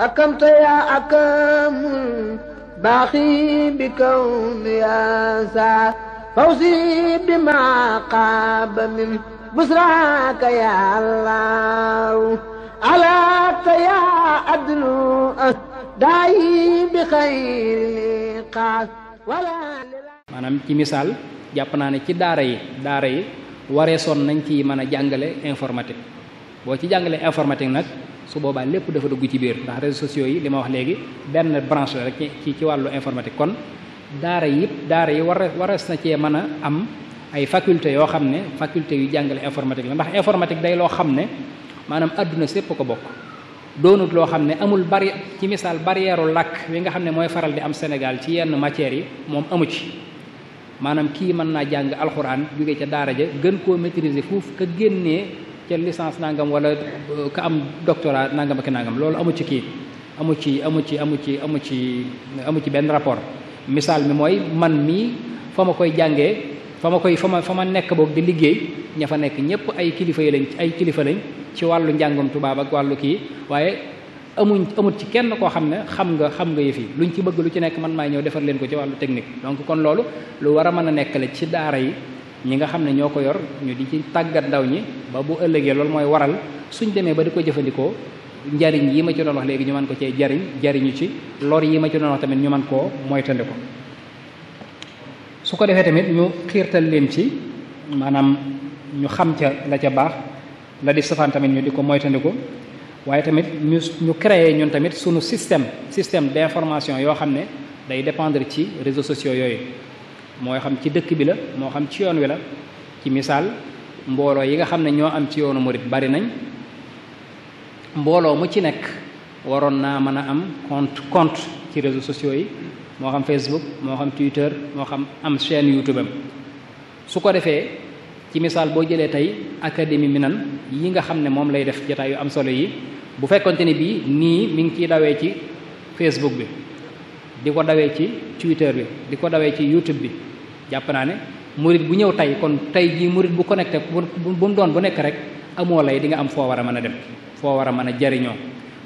أكمت يا أكم باخي بكون يا سا فوزي بما قاب من بسراك يا الله علاك يا عدل داي بخير لقاس ولا maanaam ci misaal jàpp naa ne ci daara yi daara yi waree soon nañ ci mën a jàngale informatique boo ci jàngale informatique nag su boobaa lépp dafa dugg ci biir ndax réseaux sociaux yi li ma wax léegi benn branche la rek ci ci wàllu informatique kon daara yëpp daara yi war waras na cee mën a am ay faculté yoo xam ne faculté yu jàngale informatique la ndax informatique day loo xam ne maanaam àdduna sépp ko bokk doonut loo xam ne amul bari ci misaal barrière làkk wi nga xam ne mooy faral di am Sénégal ci yenn matières yi moom amu ci maanaam kii mën naa jàng alxuraan jóge ca daara ja gën koo maîtriser fuuf ka génnee ca licence nangam wala euh, ka am doctorat nangam ki nangam loolu amu ci kii amu ci amu ci amu ci amu ci amu ci benn rapport misaal mi mooy man mii fa ma koy jàngee fa ma koy fa ma fa nekk boog di liggéey ña fa nekk ñëpp ay kilifa yi lañ ay kilifa lañ ci wàllu njàngum tubaab ak wàllu kii waaye amuñ amut ci kenn koo xam ne xam nga xam nga yëf yi luñ ci bëgg lu ci nekk man maay ñëw defar leen ko ci wàllu technique donc kon loolu lu war a mën a nekk la ci daara yi ñi nga xam ne ñoo ko yor ñu di ci tàggat ndaw ñi ba bu ëllëgee loolu mooy waral suñ demee ba di ko jëfandikoo njariñ yi ma ci doon léegi ñu man ko cee jariñ jariñu ci lor yi ma ci doon tamit ñu man koo moytandi ko su ko defee tamit ñu xiirtal leen ci maanaam ñu xam ca la ca baax la di safaan tamit ñu di ko moytandiku waaye tamit ñu ñu créé ñun tamit sunu système système d'information yoo xam ne day dépendre ci réseau sociaux yooyu mooy xam ci dëkk bi la moo xam ci yoon wi la ci misaal mbooloo yi nga xam ne ñoo am ci yoonu murit bari nañ mbooloo mu ci nekk waroon naa mën a am compte compte ci réseaux sociaux yi moo xam Facebook moo xam Twitter moo xam am chaîne YouTube am su ko defee ci misaal boo jëlee tey académie Minane yi nga xam ne moom lay def jotaay yu am solo yi bu fekkonte ne bii nii mi ngi ciy dawee ci Facebook bi di ko dawee ci Twitter bi di ko dawee ci YouTube bi jàpp naa ne murit bu ñëw tey kon tey jii murit bu connecté bu mu doon bu nekk rek amoo lay di nga am foo war a mën a dem foo war a mën a jariñoo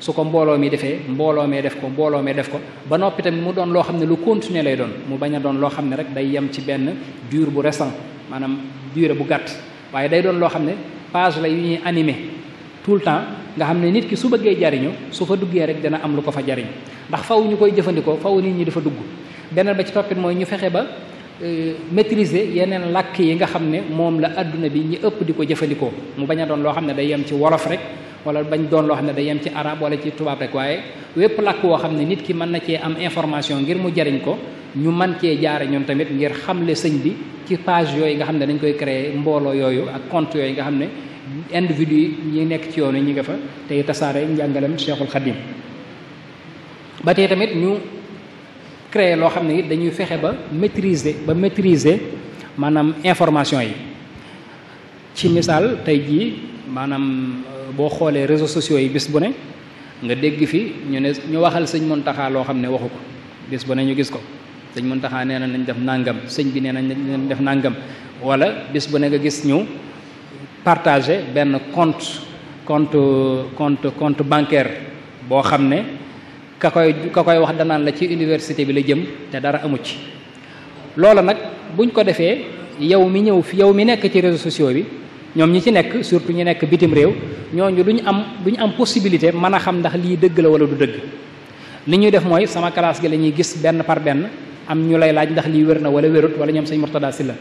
su ko mbooloo mi defee mbooloo mee def ko mbooloo mee def ko ba noppite tamit mu doon loo xam ne lu continuer lay doon mu bañ a doon loo xam ne rek day yem ci benn dure bu récent maanaam durée bu gàtt waaye day doon loo xam ne page la yu ñuy animé tout le temps nga xam ne nit ki su bëggee jariñu su fa duggee rek dana am lu ko fa jariñ ndax faw ñu koy jëfandikoo faw nit ñi dafa dugg beneen ba ci toppit mooy ñu fexe ba euh, maîtriser yeneen làkk yi nga xam ne moom la àdduna bi ñu ëpp di ko jëfandikoo mu bañ a doon loo xam ne day yem ci wolof rek wala bañ doon loo xam ne day yem ci arab wala ci tubaab rek waaye wépp làkk woo xam ne nit ki mën na cee am information ngir mu jariñ ko ñu man cee jaare ñun tamit ngir xamle sëñ bi ci page yooyu nga xam ne dañ koy créer mbooloo yooyu ak compte yooyu nga xam ne individu yi ñi nekk ci yoonu ñi nga fa tey tasaare njàngalem Cheikhul Khadim ba tey tamit ñu créer loo xam ne it dañuy fexe ba maitrise ba maîtriser maanaam information yi ci misaal tey jii maanaam euh, boo xoolee réseaux sociaux yi bis bu ne nga dégg fi ñu ne ñu waxal sëñ Muntaxa loo xam ne waxu ko bis bu ne ñu gis ko sëñ Muntaxa nee na nañ def nàngam sëñ bi nee na nañ def nàngam wala bis bu ne nga gis ñu partagé benn compte compte compte compte bancaire boo xam ne ka koy ka koy wax danaan la ci université bi la jëm te dara amu ci loola nag buñ ko defee yow mi ñëw fi yow mi nekk ci réseaux sociaux bi ñoom ñi ci nekk surtout ñi nekk bitim réew ñooñu duñu am duñu am possibilité mën a xam ndax lii dëgg la wala du dëgg li ñuy def mooy sama classe gi la ñuy gis benn par benn am ñu lay laaj ndax lii wér na wala wérut wala ñoom sëñ Murtada si la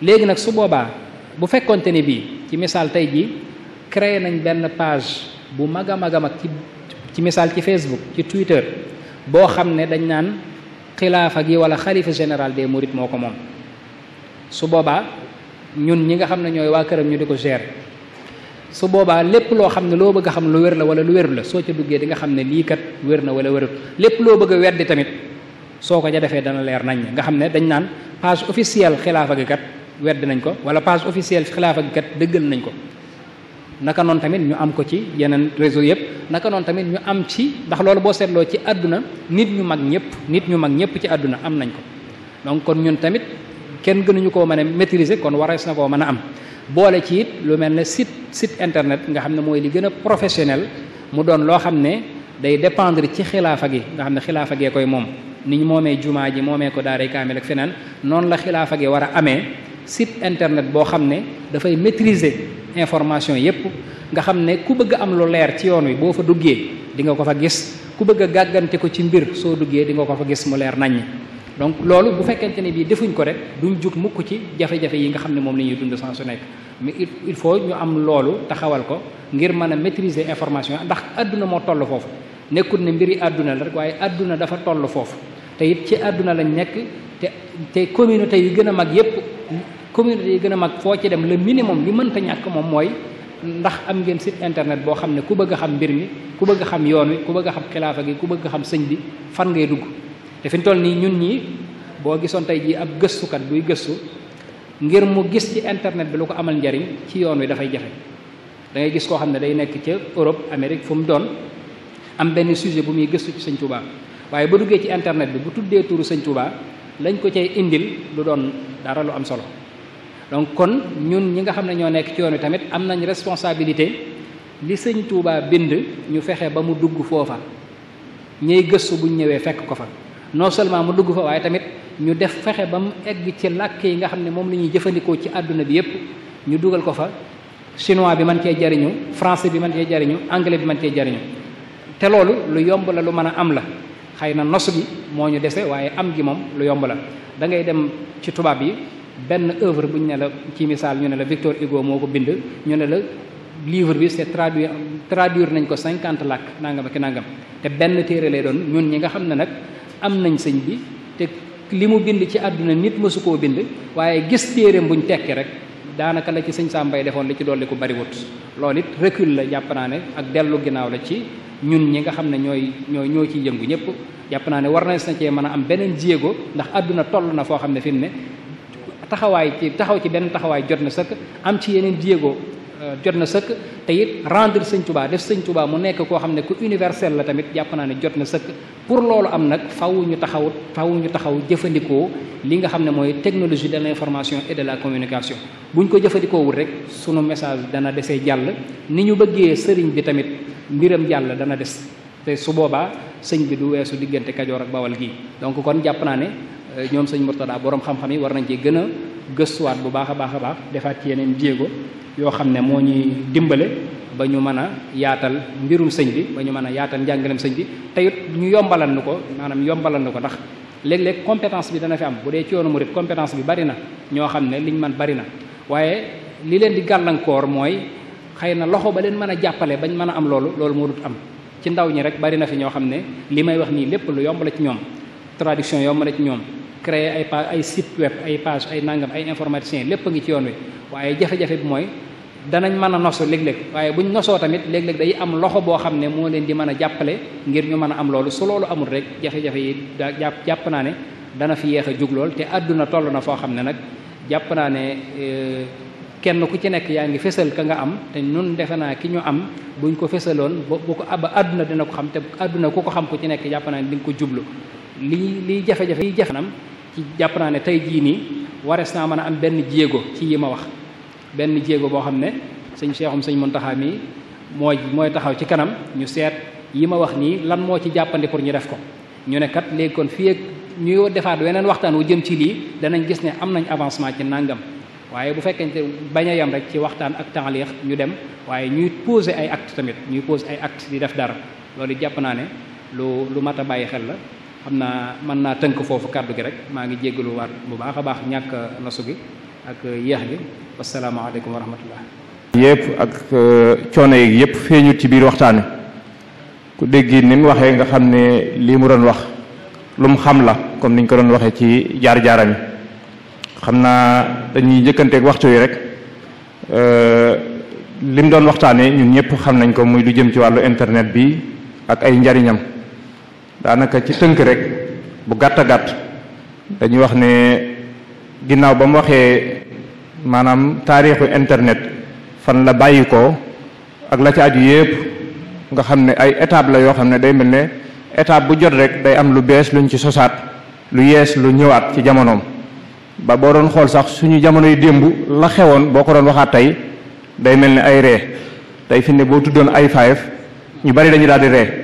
léegi nag su boobaa bu fekkonte ne bii ci misaal tey jii créé nañ benn page bu mag a mag a mag ci ci misaal ci Facebook ci Twitter boo xam ne dañ naan xilaafa gi wala xalifa général de mourides moo ko moom su boobaa ñun ñi nga xam ne ñooy waa këram ñu di ko gérer su boobaa lépp loo xam ne loo bëgg a xam lu wér la wala lu wérul la soo ca duggee di nga xam ne lii kat wér na wala wérul lépp loo bëgg a weddi tamit soo ko ca defee dana leer nañ nga xam ne dañ naan page officielle xilaafa kat wedd nañ ko wala page officielle xilaafa gi kat dëggal nañ ko naka noon tamit ñu am ko ci yeneen réseau yëpp naka noonu tamit ñu am ci ndax loolu boo seetloo ci àdduna nit ñu mag ñëpp nit ñu mag ñëpp ci àdduna am nañ ko donc kon ñun tamit kenn gënuñu koo mën a maîtriser kon warees na koo mën a am boole ci it lu mel ne site site internet nga xam ne mooy li gën a professionnel mu doon loo xam ne day dépendre ci xilaafa gi nga xam ne xilaafa gee koy moom ni ñu moomee jumaa ji moomee ko daaray kaamil ak war amee site internet boo xam ne dafay maîtriser information yépp nga xam ne ku bëgg am lu leer ci yoon wi boo fa duggee di nga ko fa gis ku bëgg a gàggante ko ci mbir soo duggee di nga ko fa gis mu leer nañ naññ donc loolu bu fekkente ne bii defuñ ko rek duñ jug mukk ci jafe-jafe yi nga xam ne moom la ñuy dund saa su nekk mais il faut ñu am loolu taxawal ko ngir mën a maîtriser information ndax àdduna moo toll foofu nekkul ne mbiri àdduna la rek waaye àdduna dafa toll foofu te it ci àdduna lañ nekk te te communauté yu gën a mag yépp communauté yi gën a mag foo ci dem le minimum li mënta ñàkk moom mooy ndax am ngeen sit internet boo xam ne ku bëgg a xam mbir mi ku bëgg a xam yoon wi ku bëgg a xam xilaafa gi ku bëgg a xam sëñ bi fan ngay dugg te fi mu nii ñun ñii boo gisoon tey jii ab gëstukat buy gëstu ngir mu gis ci internet bi lu ko amal njariñ ci yoon wi dafay jafe dangay gis koo xam ne day nekk ca Europe Amérique fu mu doon am benn sujet bu muy gëstu ci sañ Touba waaye ba duggee ci internet bi bu tuddee turu sëñ Touba lañ ko cay indil lu doon dara lu am solo donc kon ñun ñi nga xam ne ñoo nekk ci yoon wi tamit am nañu responsabilité li sëñ Touba bind ñu fexe ba mu dugg foofa ñey gëstu buñ ñëwee fekk ko fa non seulement mu dugg fa waaye tamit ñu def fexe ba mu egg ci làkk yi nga xam ne moom la ñuy jëfandikoo ci àdduna bi yépp ñu dugal ko fa chinois bi man cee jariñu français bi man cee jariñu anglais bi man cee jariñu te loolu lu yomb la lu mën a am la xëy na nos bi moo ñu dese waaye am gi moom lu yomb la da dem ci tubaab yi benn euvre bu ñu ne la ci misaal ñu ne la Victor Hugo moo ko bind ñu ne la livre bi c'est traduit traduire nañ ko cinquante làkk nangam ak nangam te benn téere lay doon ñun ñi nga xam ne nag am nañ sëñ bi te li mu bind ci àdduna nit mësu koo bind waaye gis téereem buñ tekki rek daanaka la ci sëñ Sàmbay defoon li ci dolli ko bariwut loolu it recul la jàpp naa ne ak dellu ginnaaw la ci ñun ñi nga xam ne ñooy ñooy ñoo ciy yëngu ñëpp jàpp naa ne war nañ na mën a am beneen jéego ndax àdduna toll na foo xam ne fi ne taxawaay ci taxaw ci benn taxawaay jot na sëkk am ci yeneen jéego euh, jot na sëkk te it rendre sëñ Tuubaa def sëñ Tuubaa mu nekk koo xam ne ku universel la tamit jàpp naa ne jot na sëkk pour loolu am nag faw ñu taxaw faw ñu taxaw jëfandikoo li nga xam ne mooy technologie de l'information et de la communication buñ ko jëfandikoo jëfandikoowul rek sunu message dana desee jàll ni ñu bëggee sëriñ bi tamit mbiram jàll dana des te su boobaa sëñ bi du weesu diggante Kajoor ak Bawol Euh, ñoom sëñ Murtada borom xam-xam yi war nañ ci gën a gëstuwaat bu baax a baax a baax defaat ci yeneen jéego yoo xam ne moo ñuy dimbale ba ñu mën a yaatal mbirum sëñ bi ba ñu mën a yaatal njàngaleem sëñ bi te it ñu yombalal nu ko maanaam yombalal nu ko ndax léeg-léeg compétence bi dana fi am bu dee ci yoonu murid compétence bi bari na ñoo xam ne liñ man bari na waaye li leen di gàllankoor mooy xëy na loxo ba leen mën a jàppale bañ mën a am loolu loolu moo am ci ndaw ñi rek bari na fi ñoo xam ne li may wax nii lépp lu yomb ci ñoom traduction yomb la ci ñoom créer ay page ay site web ay page ay nangam ay informaticiens lépp a ngi ci yoon wi waaye jafe-jafe bi mooy danañ mën a nosu léeg-léeg waaye buñ nosoo tamit léeg day am loxo boo xam ne moo leen di mën a jàppale ngir ñu mën a am loolu su loolu amul rek jafe-jafe yi da jàpp jàpp naa ne dana fi yéex a juglool te àdduna toll na foo xam ne nag jàpp naa ne kenn ku ci nekk yaa ngi fésal ka nga am te nun defe naa ki ñu am buñ ko fésaloon bu ko ba àdduna dina ko xam te àdduna ku ko xam ku ci nekk jàpp naa di nga ko jublu lii lii jafe-jafe ci jàpp naa ne tey jii nii warees naa mën a am benn jéego ci yi ma wax benn jéego boo xam ne sëñ Seexum sëñ Muntaxa mi mooy mooy taxaw ci kanam ñu seet yi ma wax nii lan moo ci jàppandi pour ñu def ko ñu ne kat léegi kon fii ak ñuy defaat weneen waxtaan wu jëm ci lii danañ gis ne am nañ avancement ci nàngam waaye bu fekkente bañ a yem rek ci waxtaan ak taalix ñu dem waaye ñuy posé ay act tamit ñuy posé ay acte di def dara loolu jàpp naa ne lu lu mat a bàyyi xel la xam naa mën naa tënk foofu kàddu gi rek maa ngi jéggalu waat bu baax a baax ñàkk nosu gi ak yéex gi wasalaamaaleykum wa rahmatullah yëpp ak e, coono yi yëpp feeñut ci biir waxtaan wi ku dégg ni mu waxee nga xam ne lii mu doon wax lu mu xam la comme niñ ko doon waxee ci jaar-jaaram yi xam naa dañuy njëkkanteeg waxtu yi rek e, lim doon waxtaanee ñun ñëpp xam nañ ko muy lu jëm ci wàllu internet bi ak ay njariñam daanaka ci tënk rek bu gàtt a gàtt dañuy wax ne ginnaaw ba mu waxee maanaam taarixu internet fan la bàyyi ko ak la ci aju yépp nga xam ne ay étape la yoo xam ne day mel ne étape bu jot rek day am lu bees luñ ci sosaat lu yees lu ñëwaat ci jamonoom ba boo doon xool sax suñu jamono yi démb la xewoon boo ko doon waxaat tey day mel ne ay ree tey fi ne boo tuddoon ay five ñu bari dañu daal di ree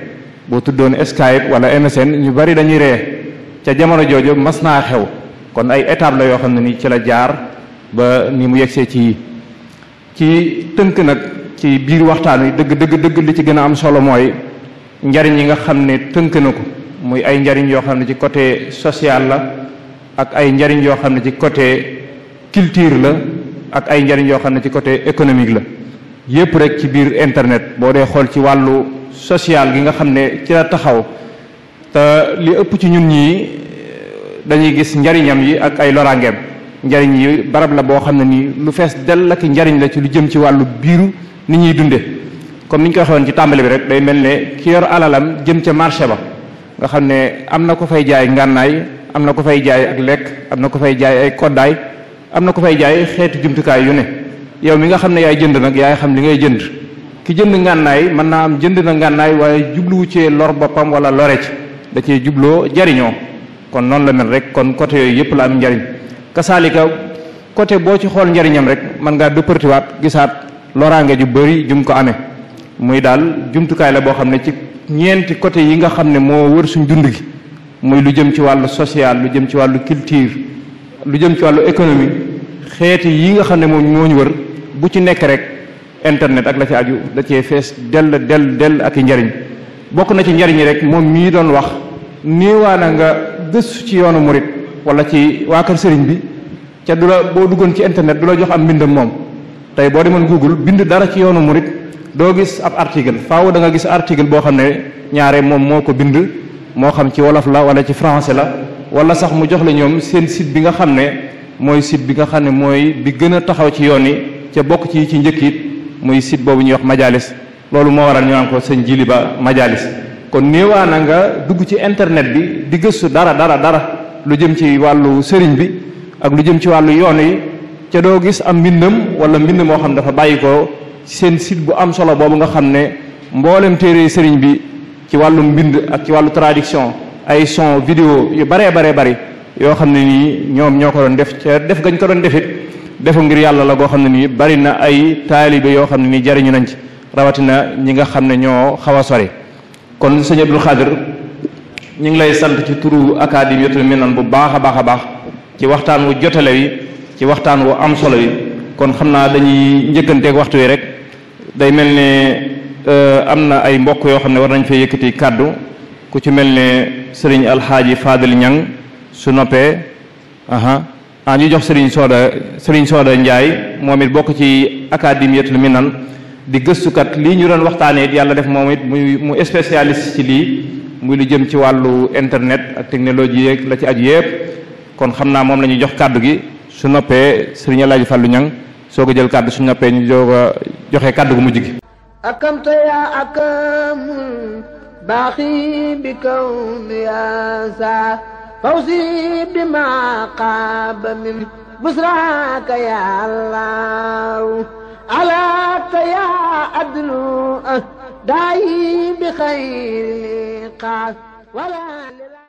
boo tuddoon Skype wala MSN ñu bari dañuy ree ca jamono joojoo mas naa xew kon ay étape la yoo xam ne nii ci la jaar ba ni mu yegsee ci ci tënk nag ci biir waxtaan wi dëgg dëgg dëgg li ci gën a am solo mooy njariñ yi nga xam ne tënk na ko muy ay njariñ yoo xam ne ci côté social la ak ay njariñ yoo xam ne ci côté culture la ak ay njariñ yoo xam ne ci côté économique la yépp rek ci biir internet boo dee xool ci wàllu social gi nga xam ne ci la taxaw te li ëpp ci ñun ñii dañuy gis njariñam yi ak ay loraangeem njariñ yi barab la boo xam ne nii lu fees dell ak njariñ la ci lu jëm ci wàllu biiru ni ñuy dunde comme ni ñu ko ci tàmbali bi rek day mel ne ki yor alalam jëm ca marché ba nga xam ne am na ko fay jaay ngànnaay am na ko fay jaay ak lekk am na ko fay jaay ay koddaay am na ko fay jaay xeetu jumtukaay yu ne yow mi nga xam ne yaay jënd nag yaay xam li ngay jënd ki jënd ngànnaay mën naa am jënd na ngànnaay waaye jubluwu cee lor boppam wala lore ci da cee jubloo jariñoo kon noonu la mel rek kon côté yooyu yëpp la am njariñ kasaalika côté boo ci xool njariñam rek mën ngaa dëppartiwaat gisaat loraange ju bari jum ko amee muy daal jumtukaay la boo xam ne ci ñeenti côté yi nga xam ne moo wër suñ dund gi muy lu jëm ci wàllu social lu jëm ci wàllu culture lu jëm ci wàllu économie xeeti yi nga xam ne moom moo ñu wër bu ci nekk rek internet ak la ci aju da cee fees dell dell dell ak i njariñ bokk na ci njariñ yi rek moom mii doon wax nii waa na nga gëstu ci yoonu murit wala ci waa kër sëriñ bi ca du la boo duggoon ci internet du la jox am mbindam moom tey boo demoon google bind dara ci yoonu murit doo gis ab article faaw danga gis article boo xam ne ñaaree moom moo ko bind moo xam ci wolof la wala ci français la wala sax mu jox la ñoom seen site bi nga xam ne mooy site bi nga xam ne mooy bi gën a taxaw ci yoon yi ca bokk ci ci njëkk it muy site boobu ñuy wax majalis loolu moo waral ñu naan ko sëñ jili ba majalis kon néewaa na nga dugg ci internet bi di gëstu dara dara dara lu jëm ci wàllu sëriñ bi ak lu jëm ci wàllu yoon yi ca doo gis am mbindam wala mbind moo xam ne dafa bàyyi ko seen site bu am solo boobu nga xam ne mboolem téere sëriñ bi ci wàllu mbind ak ci wàllu tradition ay son vidéo yu baree baree bari yoo xam ne nii ñoom ñoo ko doon def ca def gañ ko doon defit defu ngir yàlla la goo xam ne nii bari na ay taalibe yoo xam ne nii jariñu nañ ci rawatina ñi nga xam ne ñoo xaw a sori kon sëñ Abdou Khadir ñu ngi lay sant ci turu mel Minane bu baax a baax a baax ci waxtaan wu jotale wi ci waxtaan wu am solo wi kon xam naa dañuy njëkkanteeg waxtu wi rek day mel ne euh, am na ay mbokk yoo xam ne war nañ fee yëkkati kàddu ku ci mel ne sëriñ alxaaji Fadil Ñang su noppee ah ñu jox Serigne Soda Serigne Soda Ndiaye moom it bokk ci académiyatul Minan di gëstukat lii ñu doon waxtaanee it yàlla def moom it muy mu spécialiste ci lii mu lu jëm ci wàllu internet ak technologie yeeg la ci aju yëpp kon xam naa moom la ñuy jox kàddu gi su noppee Serigne El Hadj lu Niang soo ko jël kàddu su noppee ñu joog a joxe kàddu gu gi. akamta ya فوزي بما قاب من بسراك يا الله ألا يا عدل داعي بخير قاس ولا لله